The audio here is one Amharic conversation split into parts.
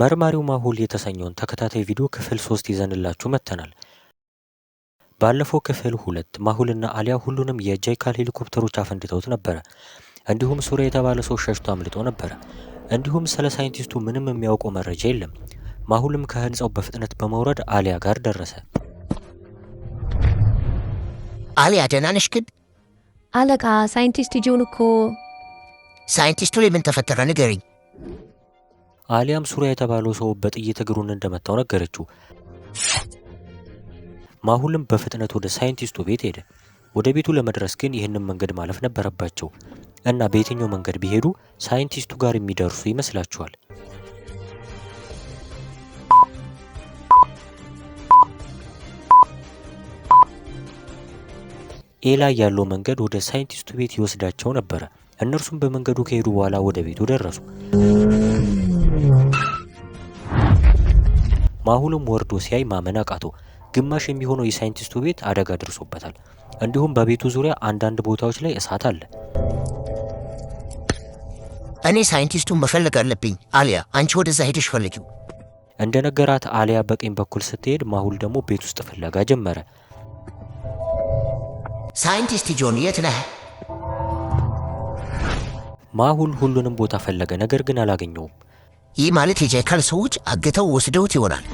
መርማሪው ማሁል የተሰኘውን ተከታታይ ቪዲዮ ክፍል ሶስት ይዘንላችሁ መጥተናል። ባለፈው ክፍል ሁለት ማሁልና አሊያ ሁሉንም የጃይካል ሄሊኮፕተሮች አፈንድተውት ነበረ። እንዲሁም ሱሪያ የተባለ ሰው ሸሽቶ አምልጦ ነበረ። እንዲሁም ስለ ሳይንቲስቱ ምንም የሚያውቀው መረጃ የለም። ማሁልም ከህንፃው በፍጥነት በመውረድ አሊያ ጋር ደረሰ። አሊያ ደህና ነሽ ግን? አለቃ ሳይንቲስት ጆን እኮ ሳይንቲስቱ ላይ ምን ተፈጠረ ንገሪኝ። አሊያም ሱሪያ የተባለው ሰው በጥይት እግሩን እንደመታው ነገረችው። ማሁልም በፍጥነት ወደ ሳይንቲስቱ ቤት ሄደ። ወደ ቤቱ ለመድረስ ግን ይህንን መንገድ ማለፍ ነበረባቸው እና በየትኛው መንገድ ቢሄዱ ሳይንቲስቱ ጋር የሚደርሱ ይመስላችኋል? ኤላ ያለው መንገድ ወደ ሳይንቲስቱ ቤት ይወስዳቸው ነበረ። እነርሱም በመንገዱ ከሄዱ በኋላ ወደ ቤቱ ደረሱ። ማሁልም ወርዶ ሲያይ ማመን አቃተው። ግማሽ የሚሆነው የሳይንቲስቱ ቤት አደጋ ደርሶበታል። እንዲሁም በቤቱ ዙሪያ አንዳንድ ቦታዎች ላይ እሳት አለ። እኔ ሳይንቲስቱን መፈለግ አለብኝ። አሊያ አንቺ ወደዛ ሄደሽ ፈልጊው። እንደ ነገራት አሊያ በቀኝ በኩል ስትሄድ፣ ማሁል ደግሞ ቤት ውስጥ ፍለጋ ጀመረ። ሳይንቲስት ጆን የት ነህ? ማሁል ሁሉንም ቦታ ፈለገ፣ ነገር ግን አላገኘውም። ይህ ማለት የጃይካል ሰዎች አግተው ወስደውት ይሆናል።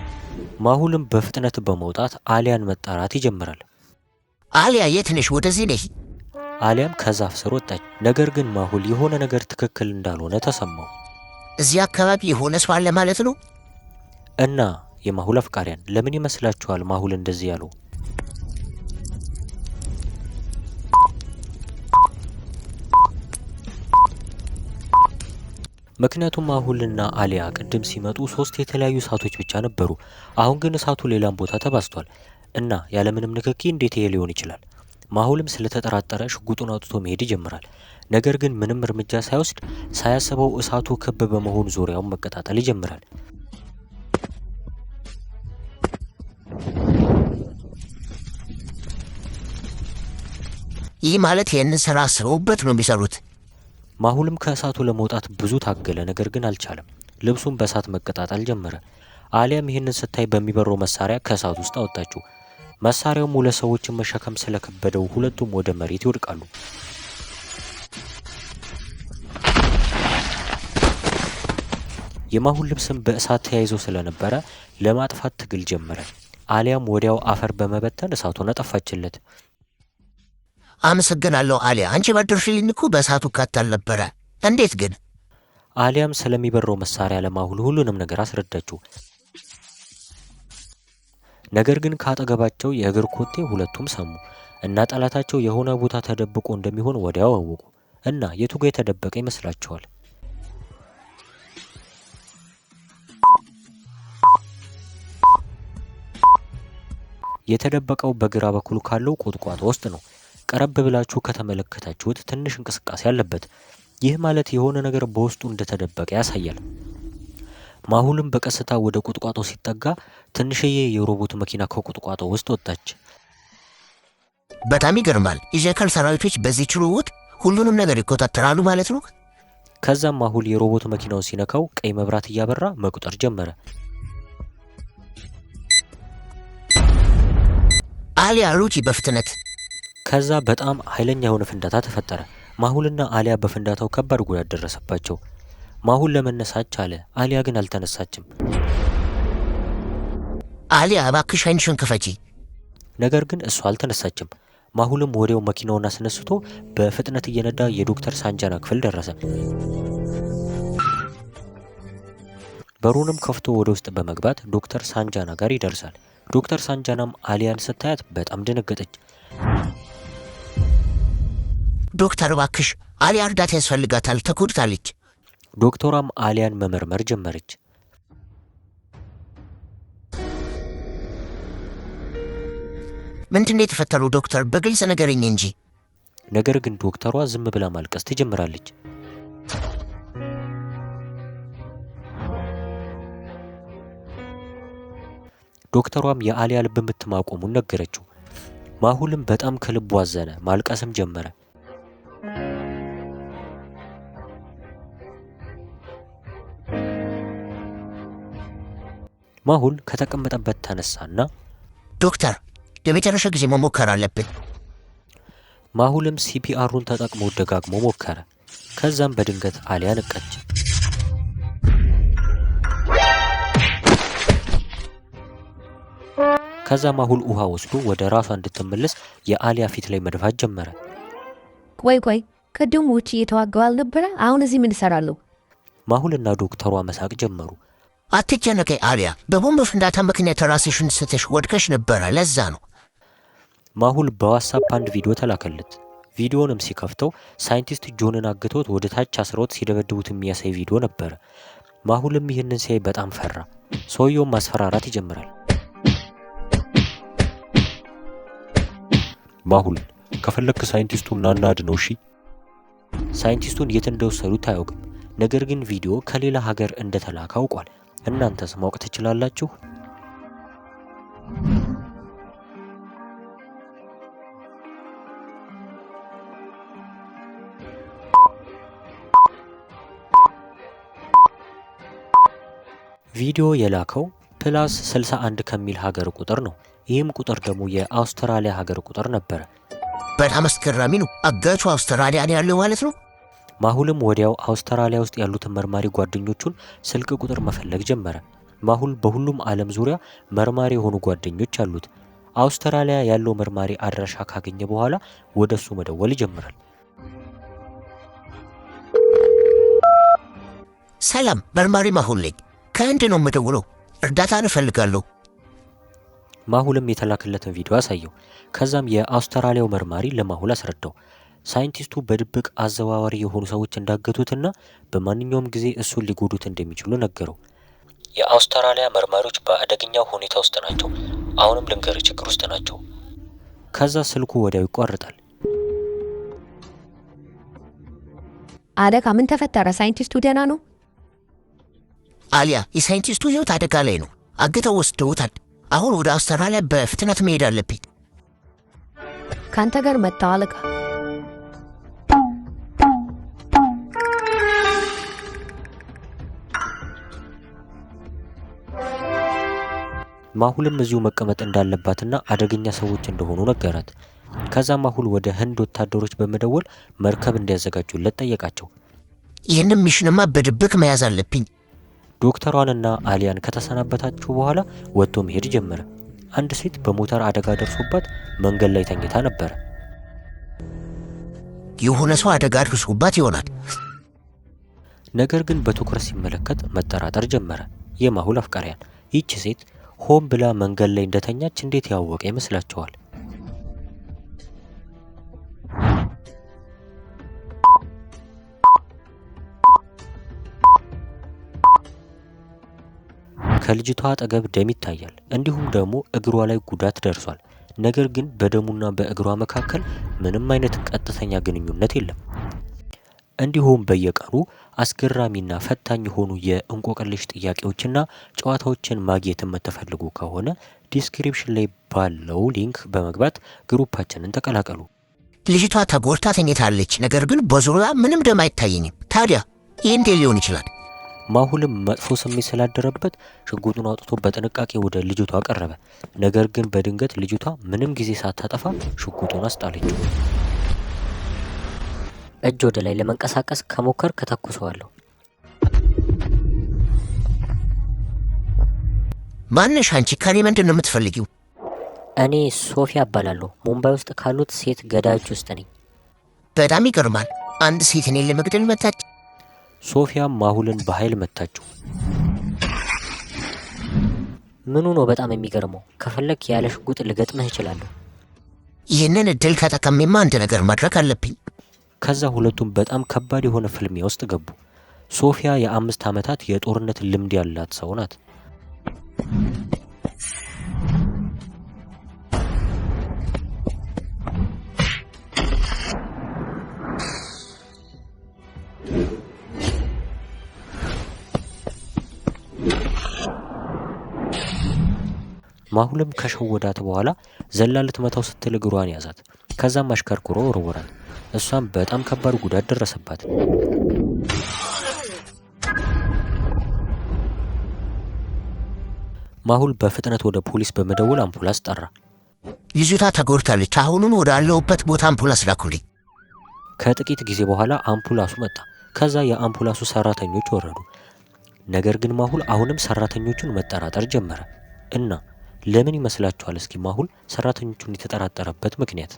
ማሁልም በፍጥነት በመውጣት አሊያን መጣራት ይጀምራል። አሊያ የት ነሽ? ወደዚህ ነሽ። አሊያም ከዛፍ ስር ወጣች። ነገር ግን ማሁል የሆነ ነገር ትክክል እንዳልሆነ ተሰማው። እዚህ አካባቢ የሆነ ሰው አለ ማለት ነው። እና የማሁል አፍቃሪያን ለምን ይመስላችኋል ማሁል እንደዚህ ያለው? ምክንያቱም አሁልና አሊያ ቅድም ሲመጡ ሶስት የተለያዩ እሳቶች ብቻ ነበሩ። አሁን ግን እሳቱ ሌላም ቦታ ተባስቷል እና ያለምንም ንክኪ እንዴት ይሄ ሊሆን ይችላል? ማሁልም ስለተጠራጠረ ሽጉጡን አውጥቶ መሄድ ይጀምራል። ነገር ግን ምንም እርምጃ ሳይወስድ ሳያስበው እሳቱ ክብ በመሆን ዙሪያውን መቀጣጠል ይጀምራል። ይህ ማለት ይህንን ስራ አስበውበት ነው የሚሰሩት። ማሁልም ከእሳቱ ለመውጣት ብዙ ታገለ፣ ነገር ግን አልቻለም። ልብሱን በእሳት መቀጣጠል ጀመረ። አሊያም ይህንን ስታይ በሚበረው መሳሪያ ከእሳት ውስጥ አወጣችው። መሳሪያውም ሁለት ሰዎችን መሸከም ስለከበደው ሁለቱም ወደ መሬት ይወድቃሉ። የማሁል ልብስም በእሳት ተያይዞ ስለነበረ ለማጥፋት ትግል ጀመረ። አሊያም ወዲያው አፈር በመበተን እሳቱን አጠፋችለት። አመሰግናለሁ አሊያ። አንቺ ባደርሽልኝ እኮ በእሳቱ ካታል ነበረ። እንዴት ግን? አሊያም ስለሚበረው መሳሪያ ለማሁል ሁሉንም ነገር አስረዳችው። ነገር ግን ካጠገባቸው የእግር ኮቴ ሁለቱም ሰሙ እና ጠላታቸው የሆነ ቦታ ተደብቆ እንደሚሆን ወዲያው አወቁ እና የቱ ጋ የተደበቀ ይመስላችኋል? የተደበቀው በግራ በኩል ካለው ቁጥቋጦ ውስጥ ነው። ቀረብ ብላችሁ ከተመለከታችሁት ትንሽ እንቅስቃሴ አለበት። ይህ ማለት የሆነ ነገር በውስጡ እንደተደበቀ ያሳያል። ማሁልም በቀስታ ወደ ቁጥቋጦ ሲጠጋ ትንሽዬ የሮቦት መኪና ከቁጥቋጦ ውስጥ ወጣች። በጣም ይገርማል። የሻይካል ሰራዊቶች በዚህ ችሎት ሁሉንም ነገር ይኮታተራሉ ማለት ነው። ከዛም ማሁል የሮቦት መኪናውን ሲነካው ቀይ መብራት እያበራ መቁጠር ጀመረ። አሊያ ሩጪ በፍጥነት ከዛ በጣም ኃይለኛ የሆነ ፍንዳታ ተፈጠረ። ማሁልና አሊያ በፍንዳታው ከባድ ጉዳት ደረሰባቸው። ማሁል ለመነሳት ቻለ፣ አሊያ ግን አልተነሳችም። አሊያ እባክሽ ክፈቺ። ነገር ግን እሷ አልተነሳችም። ማሁልም ወዲያው መኪናውን አስነስቶ በፍጥነት እየነዳ የዶክተር ሳንጃና ክፍል ደረሰ። በሩንም ከፍቶ ወደ ውስጥ በመግባት ዶክተር ሳንጃና ጋር ይደርሳል። ዶክተር ሳንጃናም አሊያን ስታያት በጣም ደነገጠች። ዶክተር እባክሽ አሊያ እርዳታ ያስፈልጋታል፣ ተጎድታለች። ዶክተሯም አሊያን መመርመር ጀመረች። ምንድን ነው የተፈጠረው ዶክተር? በግልጽ ነገርኝ እንጂ። ነገር ግን ዶክተሯ ዝም ብላ ማልቀስ ትጀምራለች። ዶክተሯም የአሊያ ልብ የምትማቆሙን ነገረችው። ማሁልም በጣም ከልቡ አዘነ፣ ማልቀስም ጀመረ። ማሁል ከተቀመጠበት ተነሳና ዶክተር የመጨረሻ ጊዜ መሞከር አለብን። ማሁልም ሲፒአሩን ተጠቅሞ ደጋግሞ ሞከረ። ከዛም በድንገት አሊያ ነቃች። ከዛ ማሁል ውሃ ወስዶ ወደ ራሷ እንድትመለስ የአሊያ ፊት ላይ መድፋት ጀመረ። ቆይ ቆይ፣ ቅድም ውጭ እየተዋገው አልነበረ? አሁን እዚህ ምን እሰራለሁ? ማሁልና ዶክተሯ መሳቅ ጀመሩ። አትጨነቂ አሊያ፣ በቦምብ ፍንዳታ ምክንያት ራስሽን ስትሽ ወድቀሽ ነበረ። ለዛ ነው። ማሁል በዋትሳፕ አንድ ቪዲዮ ተላከለት። ቪዲዮንም ሲከፍተው ሳይንቲስት ጆንን አግተውት ወደ ታች አስረውት ሲደበድቡት የሚያሳይ ቪዲዮ ነበረ። ማሁልም ይህንን ሲያይ በጣም ፈራ። ሰውየውም ማስፈራራት ይጀምራል። ማሁል ከፈለክ ሳይንቲስቱን ናናድ ነው እሺ። ሳይንቲስቱን የት እንደወሰዱት አያውቅም። ነገር ግን ቪዲዮ ከሌላ ሀገር እንደተላከ አውቋል። እናንተስ ማወቅ ትችላላችሁ? ቪዲዮ የላከው ፕላስ 61 ከሚል ሀገር ቁጥር ነው። ይህም ቁጥር ደግሞ የአውስትራሊያ ሀገር ቁጥር ነበረ። በጣም አስገራሚ ነው። አጋቹ አውስትራሊያ ነው ያለው ማለት ነው። ማሁልም ወዲያው አውስትራሊያ ውስጥ ያሉትን መርማሪ ጓደኞቹን ስልክ ቁጥር መፈለግ ጀመረ። ማሁል በሁሉም ዓለም ዙሪያ መርማሪ የሆኑ ጓደኞች አሉት። አውስትራሊያ ያለው መርማሪ አድራሻ ካገኘ በኋላ ወደ እሱ መደወል ይጀምራል። ሰላም፣ መርማሪ ማሁል ነኝ። ከህንድ ነው የምደውለው። እርዳታ እፈልጋለሁ። ማሁልም የተላከለትን ቪዲዮ አሳየው። ከዛም የአውስትራሊያው መርማሪ ለማሁል አስረዳው። ሳይንቲስቱ በድብቅ አዘዋዋሪ የሆኑ ሰዎች እንዳገቱትና በማንኛውም ጊዜ እሱን ሊጎዱት እንደሚችሉ ነገረው። የአውስትራሊያ መርማሪዎች በአደገኛ ሁኔታ ውስጥ ናቸው። አሁንም ልንገር ችግር ውስጥ ናቸው። ከዛ ስልኩ ወዲያው ይቋርጣል። አደጋ ምን ተፈጠረ? ሳይንቲስቱ ደህና ነው? አሊያ፣ የሳይንቲስቱ ህይወት አደጋ ላይ ነው። አግተው ወስደውታል። አሁን ወደ አውስትራሊያ በፍጥነት መሄድ አለብኝ። ከአንተ ጋር መጣው አለቃ ማሁልም እዚሁ መቀመጥ እንዳለባትና አደገኛ ሰዎች እንደሆኑ ነገራት። ከዛ ማሁል ወደ ህንድ ወታደሮች በመደወል መርከብ እንዲያዘጋጁለት ጠየቃቸው። ይህንም ሚሽንማ በድብቅ መያዝ አለብኝ። ዶክተሯንና አሊያን ከተሰናበታችሁ በኋላ ወጥቶ መሄድ ጀመረ። አንድ ሴት በሞተር አደጋ ደርሶባት መንገድ ላይ ተኝታ ነበረ። የሆነ ሰው አደጋ ደርሶባት ይሆናል። ነገር ግን በትኩረት ሲመለከት መጠራጠር ጀመረ። የማሁል አፍቃሪያን ይቺ ሴት ሆን ብላ መንገድ ላይ እንደተኛች እንዴት ያወቀ ይመስላችኋል? ከልጅቷ አጠገብ ደም ይታያል፣ እንዲሁም ደግሞ እግሯ ላይ ጉዳት ደርሷል። ነገር ግን በደሙና በእግሯ መካከል ምንም አይነት ቀጥተኛ ግንኙነት የለም። እንዲሁም በየቀኑ አስገራሚና ፈታኝ የሆኑ የእንቆቅልሽ ጥያቄዎችና ጨዋታዎችን ማግኘት የምትፈልጉ ከሆነ ዲስክሪፕሽን ላይ ባለው ሊንክ በመግባት ግሩፓችንን ተቀላቀሉ። ልጅቷ ተጎድታ ተኝታለች፣ ነገር ግን በዙሪያ ምንም ደም አይታየኝም። ታዲያ ይህ እንዴት ሊሆን ይችላል? ማሁልም መጥፎ ስሜት ስላደረበት ሽጉጡን አውጥቶ በጥንቃቄ ወደ ልጅቷ ቀረበ ነገር ግን በድንገት ልጅቷ ምንም ጊዜ ሳታጠፋ ሽጉጡን አስጣለችው። እጅ ወደ ላይ ለመንቀሳቀስ ከሞከር ከተኩሰዋለሁ። ማንሽ አንቺ ከኔ ምንድን ነው የምትፈልጊው? እኔ ሶፊያ እባላለሁ። ሙምባይ ውስጥ ካሉት ሴት ገዳዮች ውስጥ ነኝ። በጣም ይገርማል። አንድ ሴት እኔን ለመግደል መታች። ሶፊያ ማሁልን በኃይል መታችው። ምኑ ነው በጣም የሚገርመው? ከፈለግ ያለ ሽጉጥ ልገጥምህ እችላለሁ። ይህንን እድል ከጠቀሜማ አንድ ነገር ማድረግ አለብኝ። ከዛ ሁለቱም በጣም ከባድ የሆነ ፍልሚያ ውስጥ ገቡ። ሶፊያ የአምስት ዓመታት የጦርነት ልምድ ያላት ሰው ናት። ማሁልም ከሸወዳት በኋላ ዘላ ልትመታው ስትል እግሯን ያዛት። ከዛም አሽከርክሮ ወረወራት። እሷም በጣም ከባድ ጉዳት ደረሰባት። ማሁል በፍጥነት ወደ ፖሊስ በመደወል አምፑላስ ጠራ። ይዙታ ተጎድታለች፣ አሁኑም ወደ አለሁበት ቦታ አምፑላስ ላኩልኝ። ከጥቂት ጊዜ በኋላ አምፑላሱ መጣ። ከዛ የአምፑላሱ ሰራተኞች ወረዱ። ነገር ግን ማሁል አሁንም ሰራተኞቹን መጠራጠር ጀመረ እና ለምን ይመስላችኋል? እስኪ ማሁል ሰራተኞቹን የተጠራጠረበት ምክንያት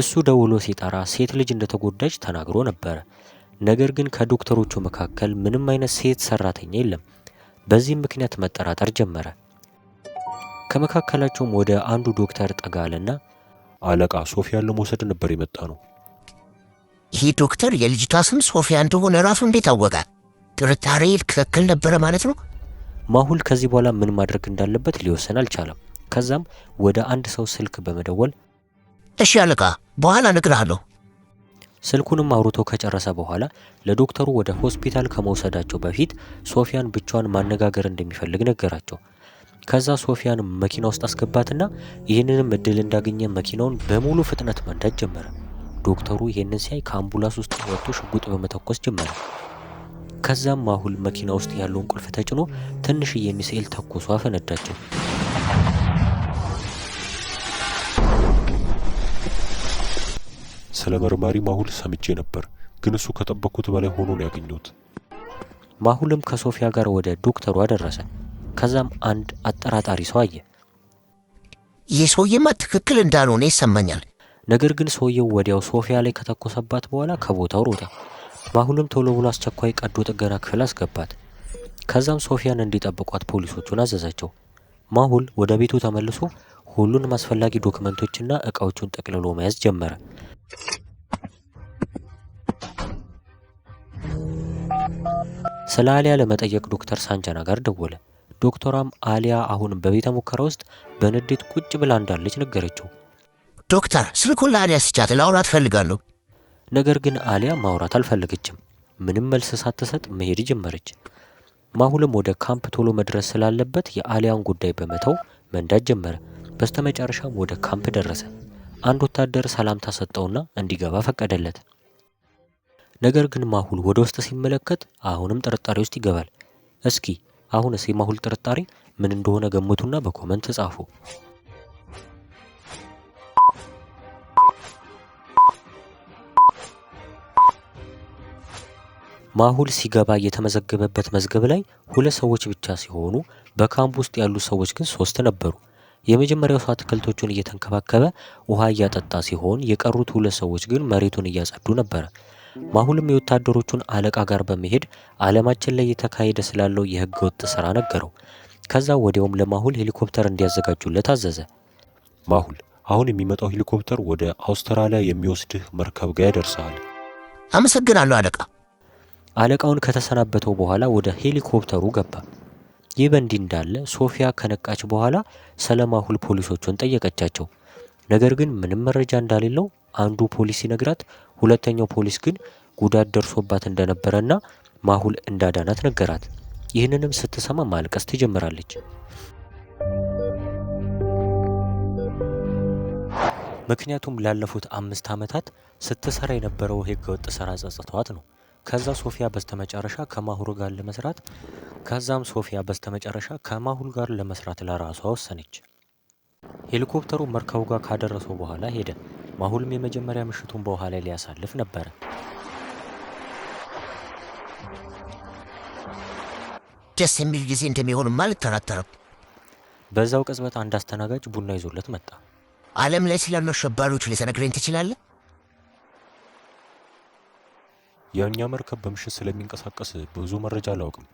እሱ ደውሎ ሲጠራ ሴት ልጅ እንደተጎዳች ተናግሮ ነበረ። ነገር ግን ከዶክተሮቹ መካከል ምንም አይነት ሴት ሰራተኛ የለም። በዚህም ምክንያት መጠራጠር ጀመረ። ከመካከላቸውም ወደ አንዱ ዶክተር ጠጋለና አለቃ ሶፊያን ለመውሰድ ነበር የመጣ ነው። ይህ ዶክተር የልጅቷ ስም ሶፊያ እንደሆነ ራሱ እንዴት አወቀ? ጥርጣሬ ትክክል ነበረ ማለት ነው። ማሁል ከዚህ በኋላ ምን ማድረግ እንዳለበት ሊወሰን አልቻለም። ከዛም ወደ አንድ ሰው ስልክ በመደወል እሺ አለቃ፣ በኋላ እነግርሃለሁ። ስልኩንም አውርቶ ከጨረሰ በኋላ ለዶክተሩ ወደ ሆስፒታል ከመውሰዳቸው በፊት ሶፊያን ብቻዋን ማነጋገር እንደሚፈልግ ነገራቸው። ከዛ ሶፊያን መኪና ውስጥ አስገባትና ይህንንም እድል እንዳገኘ መኪናውን በሙሉ ፍጥነት መንዳት ጀመረ። ዶክተሩ ይህንን ሲያይ ከአምቡላንስ ውስጥ ወጥቶ ሽጉጥ በመተኮስ ጀመረ። ከዛም ማሁል መኪና ውስጥ ያለውን ቁልፍ ተጭኖ ትንሽዬ ሚሳኤል ተኩሶ አፈነዳቸው። ስለ መርማሪ ማሁል ሰምቼ ነበር፣ ግን እሱ ከጠበቅኩት በላይ ሆኖ ነው ያገኘሁት። ማሁልም ከሶፊያ ጋር ወደ ዶክተሩ አደረሰ ከዛም አንድ አጠራጣሪ ሰው አየ። ይህ ሰውዬማ ትክክል እንዳልሆነ ይሰማኛል። ነገር ግን ሰውየው ወዲያው ሶፊያ ላይ ከተኮሰባት በኋላ ከቦታው ሮጠ። ማሁልም ቶሎ ብሎ አስቸኳይ ቀዶ ጥገና ክፍል አስገባት። ከዛም ሶፊያን እንዲጠብቋት ፖሊሶቹን አዘዛቸው። ማሁል ወደ ቤቱ ተመልሶ ሁሉንም አስፈላጊ ዶክመንቶችና እቃዎችን ጠቅልሎ መያዝ ጀመረ። ስለ አሊያ ለመጠየቅ ዶክተር ሳንጃና ጋር ደወለ። ዶክተሯም አሊያ አሁን በቤተ ሙከራ ውስጥ በንዴት ቁጭ ብላ እንዳለች ነገረችው። ዶክተር ስልኩን ለአሊያ ስጫት ላውራት ፈልጋለሁ። ነገር ግን አሊያ ማውራት አልፈለገችም። ምንም መልስ ሳትሰጥ መሄድ ጀመረች። ማሁልም ወደ ካምፕ ቶሎ መድረስ ስላለበት የአሊያን ጉዳይ በመተው መንዳት ጀመረ። በስተመጨረሻም ወደ ካምፕ ደረሰ። አንድ ወታደር ሰላምታ ሰጠውና እንዲገባ ፈቀደለት። ነገር ግን ማሁል ወደ ውስጥ ሲመለከት አሁንም ጥርጣሬ ውስጥ ይገባል። እስኪ አሁንስ የማሁል ጥርጣሬ ምን እንደሆነ ገምቱና በኮመንት ጻፉ። ማሁል ሲገባ የተመዘገበበት መዝገብ ላይ ሁለት ሰዎች ብቻ ሲሆኑ በካምፕ ውስጥ ያሉ ሰዎች ግን ሶስት ነበሩ። የመጀመሪያው ሰው አትክልቶቹን እየተንከባከበ ውሃ እያጠጣ ሲሆን፣ የቀሩት ሁለት ሰዎች ግን መሬቱን እያጸዱ ነበር። ማሁልም የወታደሮቹን አለቃ ጋር በመሄድ ዓለማችን ላይ እየተካሄደ ስላለው የህገ ወጥ ሥራ ነገረው። ከዛ ወዲያውም ለማሁል ሄሊኮፕተር እንዲያዘጋጁለት አዘዘ። ማሁል አሁን የሚመጣው ሄሊኮፕተር ወደ አውስትራሊያ የሚወስድህ መርከብ ጋር ያደርሰሃል። አመሰግናለሁ አለቃ። አለቃውን ከተሰናበተው በኋላ ወደ ሄሊኮፕተሩ ገባ። ይህ በእንዲህ እንዳለ ሶፊያ ከነቃች በኋላ ሰለማሁል ፖሊሶቹን ጠየቀቻቸው። ነገር ግን ምንም መረጃ እንዳሌለው አንዱ ፖሊስ ሲነግራት፣ ሁለተኛው ፖሊስ ግን ጉዳት ደርሶባት እንደነበረና ማሁል እንዳዳናት ነገራት። ይህንንም ስትሰማ ማልቀስ ትጀምራለች። ምክንያቱም ላለፉት አምስት ዓመታት ስትሰራ የነበረው ህገወጥ ስራ ጸጽተዋት ነው። ከዛ ሶፊያ በስተመጨረሻ ከማሁር ጋር ለመስራት ከዛም ሶፊያ በስተመጨረሻ ከማሁል ጋር ለመስራት ለራሷ ወሰነች። ሄሊኮፕተሩ መርከቡ ጋር ካደረሰው በኋላ ሄደ። ማሁልም የመጀመሪያ ምሽቱን በውሃ ላይ ሊያሳልፍ ነበረ። ደስ የሚል ጊዜ እንደሚሆን አልጠራጠርም። በዛው ቅጽበት አንድ አስተናጋጅ ቡና ይዞለት መጣ። ዓለም ላይ ስላሉ አሸባሪዎች ልትነግረኝ ትችላለህ? የእኛ መርከብ በምሽት ስለሚንቀሳቀስ ብዙ መረጃ አላውቅም።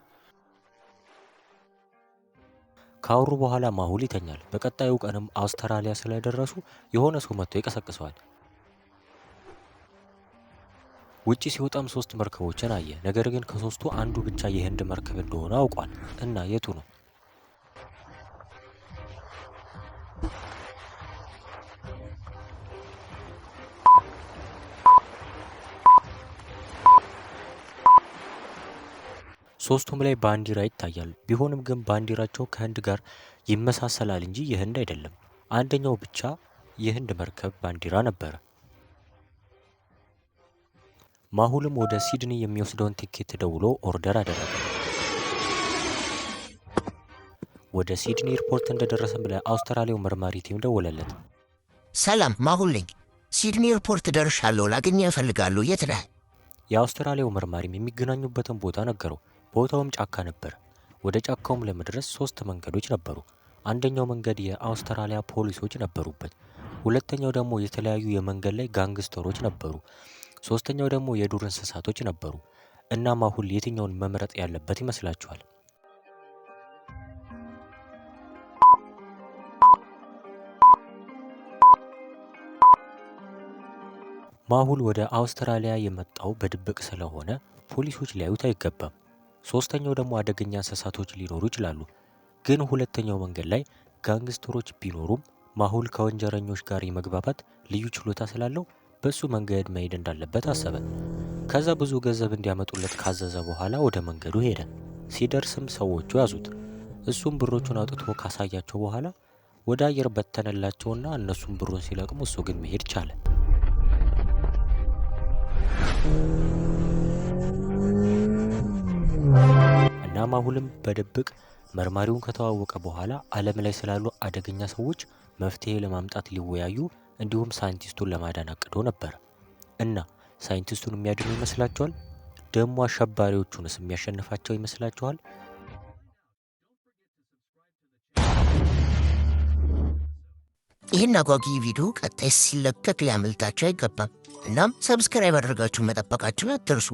ካወሩ በኋላ ማሁል ይተኛል። በቀጣዩ ቀንም አውስትራሊያ ስለደረሱ የሆነ ሰው መጥቶ ይቀሰቅሰዋል። ውጪ ሲወጣም ሶስት መርከቦችን አየ። ነገር ግን ከሶስቱ አንዱ ብቻ የህንድ መርከብ እንደሆነ አውቋል። እና የቱ ነው? ሶስቱም ላይ ባንዲራ ይታያል። ቢሆንም ግን ባንዲራቸው ከህንድ ጋር ይመሳሰላል እንጂ የህንድ አይደለም። አንደኛው ብቻ የህንድ መርከብ ባንዲራ ነበረ። ማሁልም ወደ ሲድኒ የሚወስደውን ቲኬት ደውሎ ኦርደር አደረገ። ወደ ሲድኒ ኤርፖርት እንደደረሰም ለአውስትራሊያው መርማሪ ቲም ደወለለት። ሰላም ማሁል ነኝ። ሲድኒ ኤርፖርት ደርሻለሁ፣ ላገኘህ እፈልጋለሁ። የት ነህ? የአውስትራሊያው መርማሪም የሚገናኙበትን ቦታ ነገረው። ቦታውም ጫካ ነበር። ወደ ጫካውም ለመድረስ ሶስት መንገዶች ነበሩ። አንደኛው መንገድ የአውስትራሊያ ፖሊሶች ነበሩበት። ሁለተኛው ደግሞ የተለያዩ የመንገድ ላይ ጋንግስተሮች ነበሩ። ሶስተኛው ደግሞ የዱር እንስሳቶች ነበሩ። እናም አሁን የትኛውን መምረጥ ያለበት ይመስላችኋል? ማሁል ወደ አውስትራሊያ የመጣው በድብቅ ስለሆነ ፖሊሶች ሊያዩት አይገባም። ሶስተኛው ደግሞ አደገኛ እንስሳቶች ሊኖሩ ይችላሉ። ግን ሁለተኛው መንገድ ላይ ጋንግስተሮች ቢኖሩም ማሁል ከወንጀረኞች ጋር የመግባባት ልዩ ችሎታ ስላለው በሱ መንገድ መሄድ እንዳለበት አሰበ። ከዛ ብዙ ገንዘብ እንዲያመጡለት ካዘዘ በኋላ ወደ መንገዱ ሄደ። ሲደርስም ሰዎቹ ያዙት። እሱም ብሮቹን አውጥቶ ካሳያቸው በኋላ ወደ አየር በተነላቸውና እነሱም ብሩን ሲለቅሙ እሱ ግን መሄድ ቻለ። እናም አሁንም በድብቅ መርማሪውን ከተዋወቀ በኋላ ዓለም ላይ ስላሉ አደገኛ ሰዎች መፍትሄ ለማምጣት ሊወያዩ እንዲሁም ሳይንቲስቱን ለማዳን አቅዶ ነበር። እና ሳይንቲስቱን የሚያድኑ ይመስላችኋል? ደግሞ አሸባሪዎቹንስ የሚያሸንፋቸው ይመስላችኋል? ይህን አጓጊ ቪዲዮ ቀጣይ ሲለቀቅ ሊያመልጣቸው አይገባም። እናም ሰብስክራይብ አድርጋችሁ መጠበቃችሁን አትርሱ።